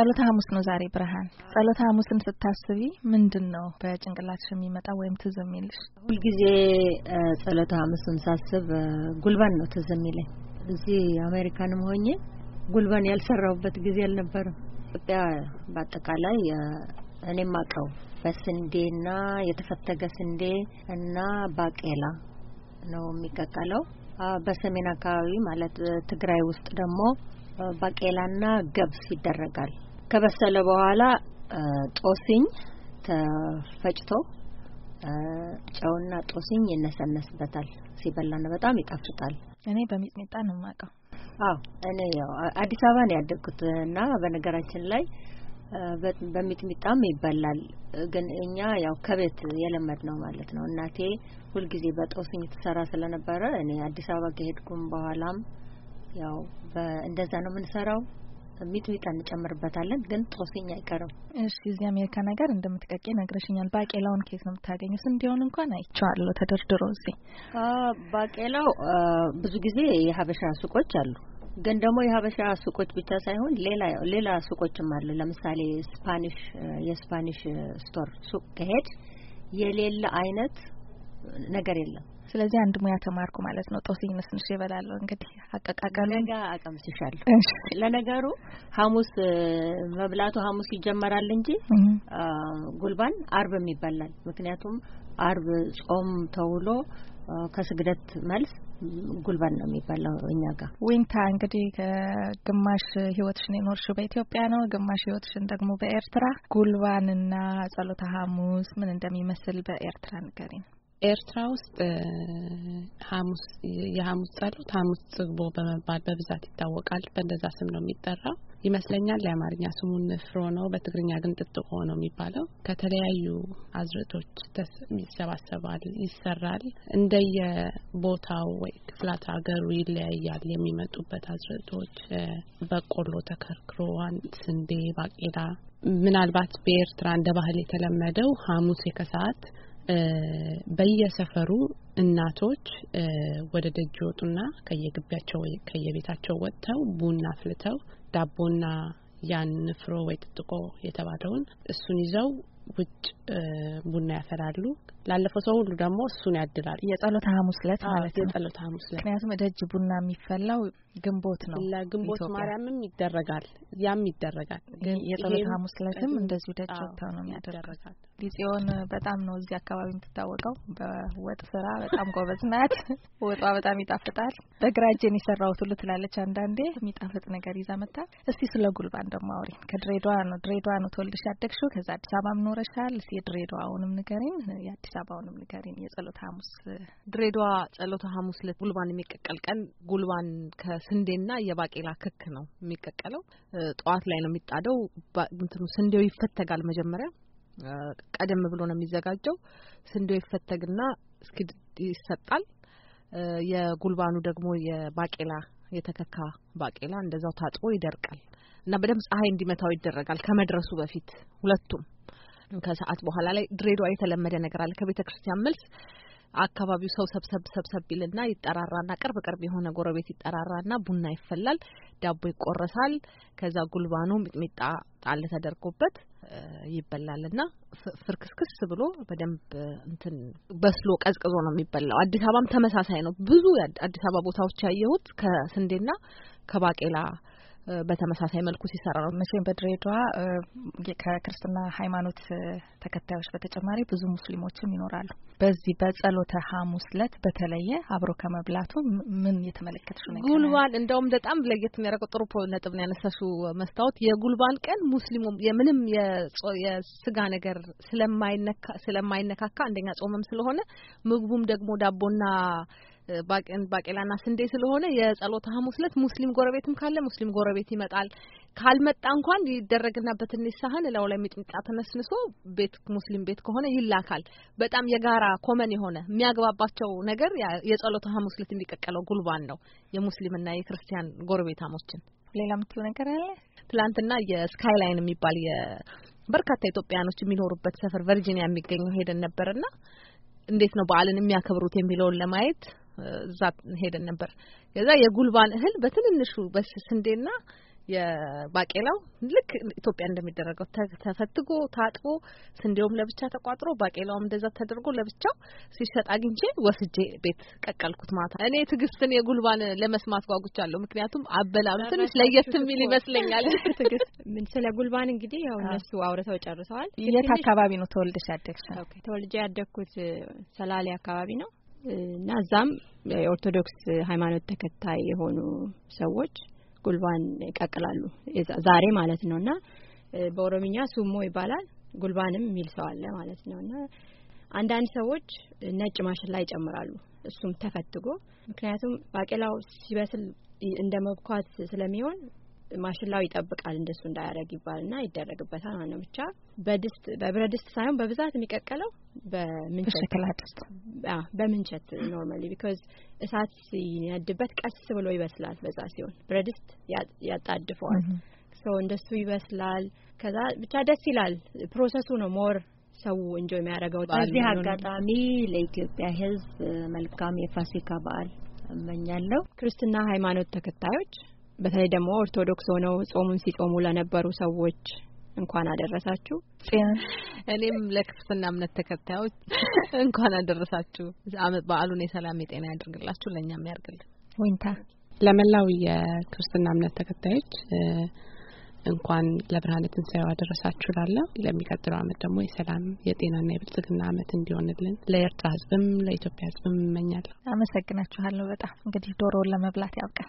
ጸሎተ ሐሙስ ነው ዛሬ። ብርሃን ጸሎተ ሐሙስን ስታስቢ ምንድን ነው በጭንቅላትሽ የሚመጣ ወይም ትዝ የሚልሽ? ሁልጊዜ ጸሎተ ሐሙስን ሳስብ ጉልበን ነው ትዝ የሚለኝ። እዚህ አሜሪካንም ሆኜ ጉልበን ያልሰራሁበት ጊዜ አልነበረም። ኢትዮጵያ በአጠቃላይ እኔም አውቀው በስንዴና የተፈተገ ስንዴ እና ባቄላ ነው የሚቀቀለው። በሰሜን አካባቢ ማለት ትግራይ ውስጥ ደግሞ ባቄላና ገብስ ይደረጋል። ከበሰለ በኋላ ጦስኝ ተፈጭቶ ጨውና ጦስኝ ይነሰነስበታል። ሲበላና በጣም ይጣፍጣል። እኔ በሚጥሚጣ ነው የማውቀው። አዎ እኔ ያው አዲስ አበባ ነው ያደግኩት እና በነገራችን ላይ በሚጥሚጣም ይበላል። ግን እኛ ያው ከቤት የለመድ ነው ማለት ነው። እናቴ ሁልጊዜ በጦስኝ ትሰራ ስለነበረ እኔ አዲስ አበባ ከሄድኩም በኋላም ያው እንደዛ ነው የምንሰራው። ሚጥሚጣ እንጨምርበታለን፣ ግን ጦስኝ አይቀርም። እሺ፣ እዚህ አሜሪካ ነገር እንደምትቀቄ ነግረሽኛል። ባቄላውን ኬስ ነው የምታገኙት? እንዲሆን እንኳን አይቼዋለሁ ተደርድሮ። እዚህ ባቄላው ብዙ ጊዜ የሀበሻ ሱቆች አሉ ግን ደግሞ የሀበሻ ሱቆች ብቻ ሳይሆን ሌላ ሌላ ሱቆችም አሉ። ለምሳሌ ስፓኒሽ የስፓኒሽ ስቶር ሱቅ ከሄድ የሌለ አይነት ነገር የለም። ስለዚህ አንድ ሙያ ተማርኩ ማለት ነው። ጦስኝ መስንሽ ይበላለሁ እንግዲህ አቀቃቀሉ ነጋ አቀምስሻለሁ። ለነገሩ ሐሙስ መብላቱ ሐሙስ ይጀመራል እንጂ ጉልባን አርብም ይበላል። ምክንያቱም አርብ ጾም ተውሎ ከስግደት መልስ ጉልባን ነው የሚባለው እኛ ጋር። ዊንታ እንግዲህ ግማሽ ህይወትሽን የኖርሽው በኢትዮጵያ ነው፣ ግማሽ ህይወትሽን ደግሞ በኤርትራ። ጉልባንና ጸሎተ ሐሙስ ምን እንደሚመስል በኤርትራ ንገሪን። ኤርትራ ውስጥ ሐሙስ የሐሙስ ጸሎት ሐሙስ ጽግቦ በመባል በብዛት ይታወቃል። በእንደዛ ስም ነው የሚጠራው ይመስለኛል። ለአማርኛ ስሙን ፍሮ ነው፣ በትግርኛ ግን ጥጥቆ ነው የሚባለው። ከተለያዩ አዝርቶች ይሰባሰባል፣ ይሰራል። እንደየ ቦታው ወይ ክፍላት ሀገሩ ይለያያል። የሚመጡበት አዝርቶች በቆሎ ተከርክሮ፣ ስንዴ፣ ባቄላ ምናልባት በኤርትራ እንደ ባህል የተለመደው ሐሙስ የከሰዓት በየሰፈሩ እናቶች ወደ ደጅ ወጡና ከየግቢያቸው ወይ ከየቤታቸው ወጥተው ቡና አፍልተው ዳቦና ያን ንፍሮ ወይ ጥጥቆ የተባለውን እሱን ይዘው ውጭ ቡና ያፈራሉ። ላለፈው ሰው ሁሉ ደግሞ እሱን ያድላል። የጸሎት ሐሙስ ዕለት ማለት ነው። የጸሎት ሐሙስ ዕለት ምክንያቱም ደጅ ቡና የሚፈላው ግንቦት ነው። ለግንቦት ማርያምም ይደረጋል፣ ያም ይደረጋል። ግን የጸሎት ሐሙስ ዕለትም እንደዚሁ ደጅ ወጥተው ነው የሚያደርጋል። ሊጽዮን በጣም ነው እዚህ አካባቢ የምትታወቀው። በወጥ ስራ በጣም ጎበዝ ናት። ወጧ በጣም ይጣፍጣል። በግራ እጄን የሰራሁት ሁሉ ትላለች አንዳንዴ። የሚጣፍጥ ነገር ይዛ መጣ። እስቲ ስለ ጉልባን ደግሞ አውሪኝ። ከድሬዳዋ ነው ድሬዳዋ ነው ተወልደሽ ያደግሽው? ከዛ አዲስ አበባም ምኖር ኖረሻል? እስኪ የድሬዳዋውንም ንገሪን፣ የአዲስ አበባውንም ንገሪን። የጸሎተ ሐሙስ ድሬዳዋ ጸሎተ ሐሙስ ዕለት ጉልባን የሚቀቀል ቀን ጉልባን ከስንዴና የባቄላ ክክ ነው የሚቀቀለው። ጠዋት ላይ ነው የሚጣደው። እንትኑ ስንዴው ይፈተጋል መጀመሪያ ቀደም ብሎ ነው የሚዘጋጀው። ስንዴው ይፈተግና እስኪ ይሰጣል። የጉልባኑ ደግሞ የባቄላ የተከካ ባቄላ እንደዛው ታጥቦ ይደርቃል እና በደንብ ፀሐይ እንዲመታው ይደረጋል ከመድረሱ በፊት ሁለቱም ከሰዓት በኋላ ላይ ድሬዳዋ የተለመደ ነገር አለ። ከቤተ ክርስቲያን መልስ አካባቢው ሰው ሰብሰብ ሰብሰብ ይልና ይጠራራና ቅርብ ቅርብ የሆነ ጎረቤት ይጠራራና ቡና ይፈላል፣ ዳቦ ይቆረሳል። ከዛ ጉልባኑ ሚጥሚጣ ጣል ተደርጎበት ይበላልና ፍርክስክስ ብሎ በደንብ እንትን በስሎ ቀዝቅዞ ነው የሚበላው። አዲስ አበባም ተመሳሳይ ነው። ብዙ አዲስ አበባ ቦታዎች ያየሁት ከስንዴና ከባቄላ በተመሳሳይ መልኩ ሲሰራ ነው። መቼም በድሬዳዋ ከክርስትና ሃይማኖት ተከታዮች በተጨማሪ ብዙ ሙስሊሞችም ይኖራሉ። በዚህ በጸሎተ ሐሙስ ዕለት በተለየ አብሮ ከመብላቱ ምን የተመለከትሽ ነው? ጉልባን እንደውም በጣም ለየት የሚያደርገው ጥሩ ነጥብ ነው ያነሳሹ መስታወት። የጉልባን ቀን ሙስሊሙ የምንም የስጋ ነገር ስለማይነካ ስለማይነካካ አንደኛ ጾምም ስለሆነ ምግቡም ደግሞ ዳቦና ባቄላና ስንዴ ስለሆነ የጸሎተ ሐሙስ ዕለት ሙስሊም ጎረቤትም ካለ ሙስሊም ጎረቤት ይመጣል። ካልመጣ እንኳን ይደረግና በትንሽ ሳህን እላው ላይ ሚጥሚጣ ተነስንሶ ቤት ሙስሊም ቤት ከሆነ ይላካል። በጣም የጋራ ኮመን የሆነ የሚያግባባቸው ነገር የጸሎተ ሐሙስ ዕለት የሚቀቀለው ጉልባን ነው የሙስሊምና የክርስቲያን ጎረቤታሞችን። ሌላ የምትለው ነገር አለ? ትላንትና የስካይላይን የሚባል በርካታ ኢትዮጵያውያኖች የሚኖሩበት ሰፈር ቨርጂኒያ የሚገኘው ሄደን ነበርና እንዴት ነው በዓልን የሚያከብሩት የሚለውን ለማየት እዛ ሄደን ነበር። ከዛ የጉልባን እህል በትንንሹ በስንዴና የባቄላው ልክ ኢትዮጵያ እንደሚደረገው ተፈትጎ ታጥቦ ስንዴውም ለብቻ ተቋጥሮ ባቄላውም እንደዛ ተደርጎ ለብቻው ሲሰጥ አግኝቼ ወስጄ ቤት ቀቀልኩት። ማታ እኔ ትዕግስትን የጉልባን ለመስማት ጓጉቻለሁ። ምክንያቱም አበላም ትንሽ ለየት የሚል ይመስለኛል። ትዕግስት ስለ ጉልባን እንግዲህ ያው እነሱ አውርተው ጨርሰዋል። የት አካባቢ ነው ተወልደሽ ያደግሽ? ተወልጄ ያደግኩት ሰላሌ አካባቢ ነው። እና እዛም የኦርቶዶክስ ሃይማኖት ተከታይ የሆኑ ሰዎች ጉልባን ይቀቅላሉ። ዛሬ ማለት ነው እና በኦሮምኛ ሱሞ ይባላል። ጉልባንም የሚል ሰው አለ ማለት ነው እና አንዳንድ ሰዎች ነጭ ማሽላ ይጨምራሉ። እሱም ተፈትጎ ምክንያቱም ባቄላው ሲበስል እንደ መብኳት ስለሚሆን ማሽላው ይጠብቃል እንደሱ እንዳያደርግ ይባልና ይደረግበታል ማለት ነው። ብቻ በድስት በብረት ድስት ሳይሆን በብዛት የሚቀቀለው በምንቸት ሸክላ ድስት በምንቸት ኖርማሊ ቢኮዝ እሳት ሲነድበት ቀስ ብሎ ይበስላል። በዛ ሲሆን ብረት ድስት ያጣድፈዋል። ሶ እንደሱ ይበስላል። ከዛ ብቻ ደስ ይላል። ፕሮሰሱ ነው ሞር ሰው እንጆ የሚያደርገው። በዚህ አጋጣሚ ለኢትዮጵያ ሕዝብ መልካም የፋሲካ በዓል እመኛለሁ። ክርስትና ሃይማኖት ተከታዮች በተለይ ደግሞ ኦርቶዶክስ ሆነው ጾሙን ሲጾሙ ለነበሩ ሰዎች እንኳን አደረሳችሁ። እኔም ለክርስትና እምነት ተከታዮች እንኳን አደረሳችሁ። በዓሉን የሰላም የጤና ያደርግላችሁ፣ ለእኛም ያርግልን። ወይንታ ለመላው የክርስትና እምነት ተከታዮች እንኳን ለብርሃነ ትንሣኤው አደረሳችሁ ላለው ለሚቀጥለው አመት ደግሞ የሰላም የጤናና የብልጽግና አመት እንዲሆንልን ለኤርትራ ህዝብም ለኢትዮጵያ ህዝብም እመኛለሁ። አመሰግናችኋለሁ። በጣም እንግዲህ ዶሮውን ለመብላት ያብቃል።